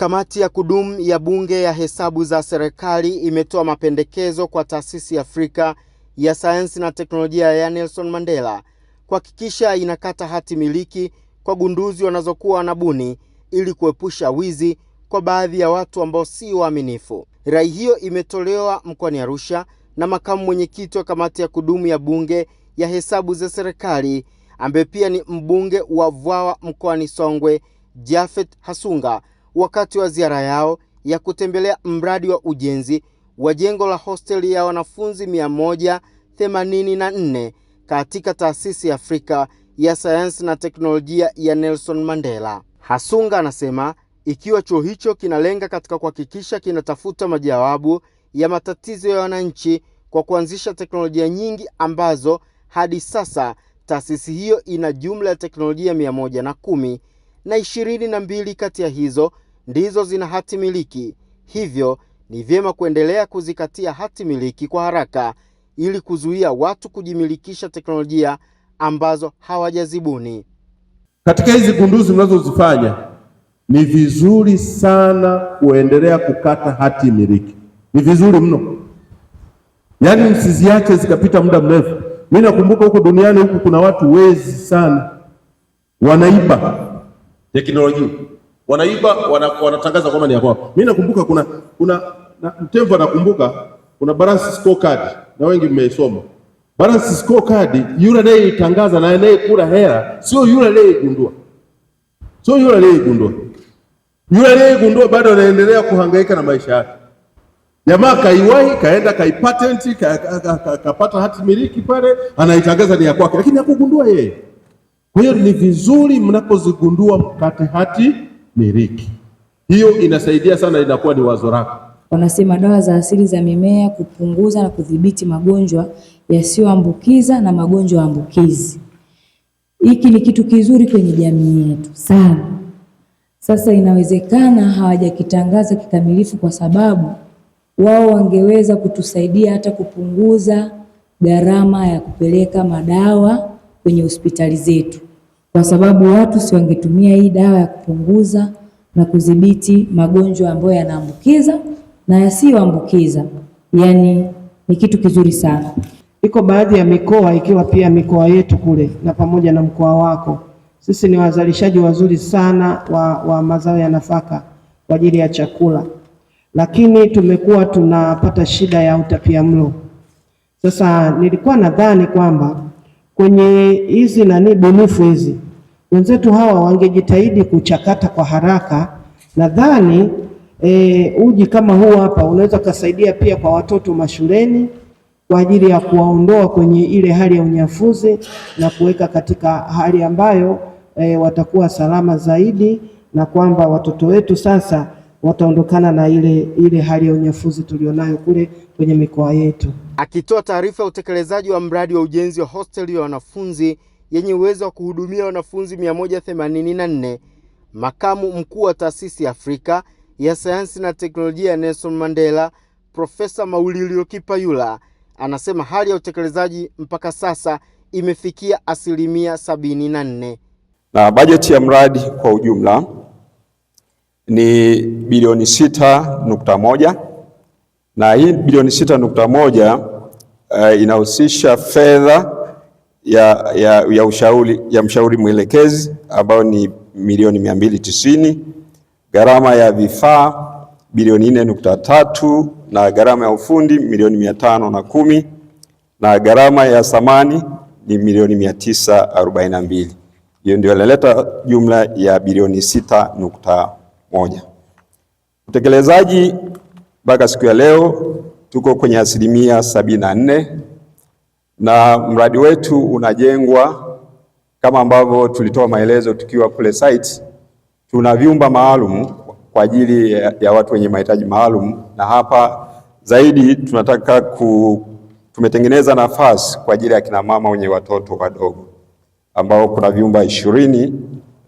Kamati ya kudumu ya bunge ya hesabu za serikali imetoa mapendekezo kwa taasisi Afrika ya sayansi na teknolojia ya Nelson Mandela kuhakikisha inakata hati miliki kwa gunduzi wanazokuwa wanabuni ili kuepusha wizi kwa baadhi ya watu ambao si waaminifu. Rai hiyo imetolewa mkoani Arusha na makamu mwenyekiti wa kamati ya kudumu ya bunge ya hesabu za serikali ambaye pia ni mbunge wa Vwawa mkoani Songwe, jafet Hasunga wakati wa ziara yao ya kutembelea mradi wa ujenzi wa jengo la hosteli ya wanafunzi 184 katika Taasisi ya Afrika ya Sayansi na Teknolojia ya Nelson Mandela. Hasunga anasema ikiwa chuo hicho kinalenga katika kuhakikisha kinatafuta majawabu ya matatizo ya wananchi kwa kuanzisha teknolojia nyingi ambazo hadi sasa taasisi hiyo ina jumla ya teknolojia mia moja na kumi na ishirini na mbili kati ya hizo ndizo zina hati miliki, hivyo ni vyema kuendelea kuzikatia hati miliki kwa haraka ili kuzuia watu kujimilikisha teknolojia ambazo hawajazibuni. Katika hizi gunduzi mnazozifanya, ni vizuri sana kuendelea kukata hati miliki, ni vizuri mno, yaani msiziache zikapita muda mrefu. Mimi nakumbuka huko duniani huku kuna watu wezi sana wanaiba teknolojia wanaiba wanatangaza kwamba ni ya kwao. Mimi nakumbuka kuna kuna na, Mtemvu anakumbuka kuna balance scorecard na wengi mmeisoma balance scorecard, yule leo itangaza na yeye kula hela, sio yule leo igundua, sio yule leo igundua, yule leo igundua bado anaendelea kuhangaika na maisha yake. Jamaa kaiwahi kaenda kaipatenti kapata ka, ka, ka, ka, ka, hati miliki pale, anaitangaza ni ya kwake, lakini hakugundua yeye kwa hiyo ni vizuri mnapozigundua mpate hati miliki, hiyo inasaidia sana, inakuwa ni wazo lako. Wanasema dawa za asili za mimea kupunguza na kudhibiti magonjwa yasiyoambukiza na magonjwa ambukizi. Hiki ni kitu kizuri kwenye jamii yetu sana. Sasa inawezekana hawajakitangaza kikamilifu, kwa sababu wao wangeweza kutusaidia hata kupunguza gharama ya kupeleka madawa kwenye hospitali zetu, kwa sababu watu si wangetumia hii dawa ya kupunguza na kudhibiti magonjwa ambayo yanaambukiza na yasiyoambukiza, yaani ni kitu kizuri sana. Iko baadhi ya mikoa ikiwa pia mikoa yetu kule na pamoja na mkoa wako, sisi ni wazalishaji wazuri sana wa, wa mazao ya nafaka kwa ajili ya chakula, lakini tumekuwa tunapata shida ya utapiamlo. Sasa nilikuwa nadhani kwamba kwenye hizi nani bunifu hizi, wenzetu hawa wangejitahidi kuchakata kwa haraka, nadhani e, uji kama huu hapa unaweza ukasaidia pia kwa watoto mashuleni kwa ajili ya kuwaondoa kwenye ile hali ya unyafuzi na kuweka katika hali ambayo e, watakuwa salama zaidi, na kwamba watoto wetu sasa wataondokana na ile, ile hali ya unyafuzi tulionayo kule kwenye mikoa yetu. Akitoa taarifa ya utekelezaji wa mradi wa ujenzi wa hosteli ya wanafunzi yenye uwezo wa kuhudumia wanafunzi 184, makamu mkuu wa taasisi ya Afrika ya sayansi na teknolojia ya Nelson Mandela Profesa Maulilio Kipayula anasema hali ya utekelezaji mpaka sasa imefikia asilimia 74. Na bajeti ya mradi kwa ujumla ni bilioni sita nukta moja na hii bilioni sita nukta moja uh, inahusisha fedha ya, ya, ya, ushauri, ya mshauri mwelekezi ambayo ni milioni mia mbili tisini gharama ya vifaa bilioni nne nukta tatu na gharama ya ufundi milioni mia tano na kumi na gharama ya samani ni milioni mia tisa arobaini na mbili. Hiyo ndio inaleta jumla ya bilioni sita nukta moja. Utekelezaji mpaka siku ya leo tuko kwenye asilimia sabini na nne na mradi wetu unajengwa kama ambavyo tulitoa maelezo tukiwa kule site. Tuna vyumba maalum kwa ajili ya watu wenye mahitaji maalum, na hapa zaidi tunataka ku, tumetengeneza nafasi kwa ajili ya kina mama wenye watoto wadogo ambao kuna vyumba ishirini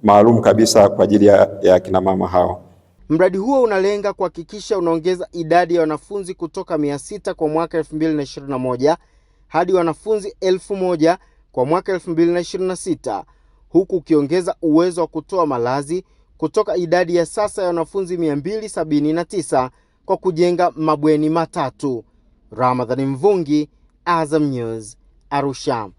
maalum kabisa kwa ajili ya, ya mama hao. Mradi huo unalenga kuhakikisha unaongeza idadi ya wanafunzi kutoka 600 kwa mwaka 2021 hadi wanafunzi 1000 kwa mwaka 2026 huku ukiongeza uwezo wa kutoa malazi kutoka idadi ya sasa ya wanafunzi 279 kwa kujenga mabweni matatu. Ramadhani Mvungi, Azam News, Arusha.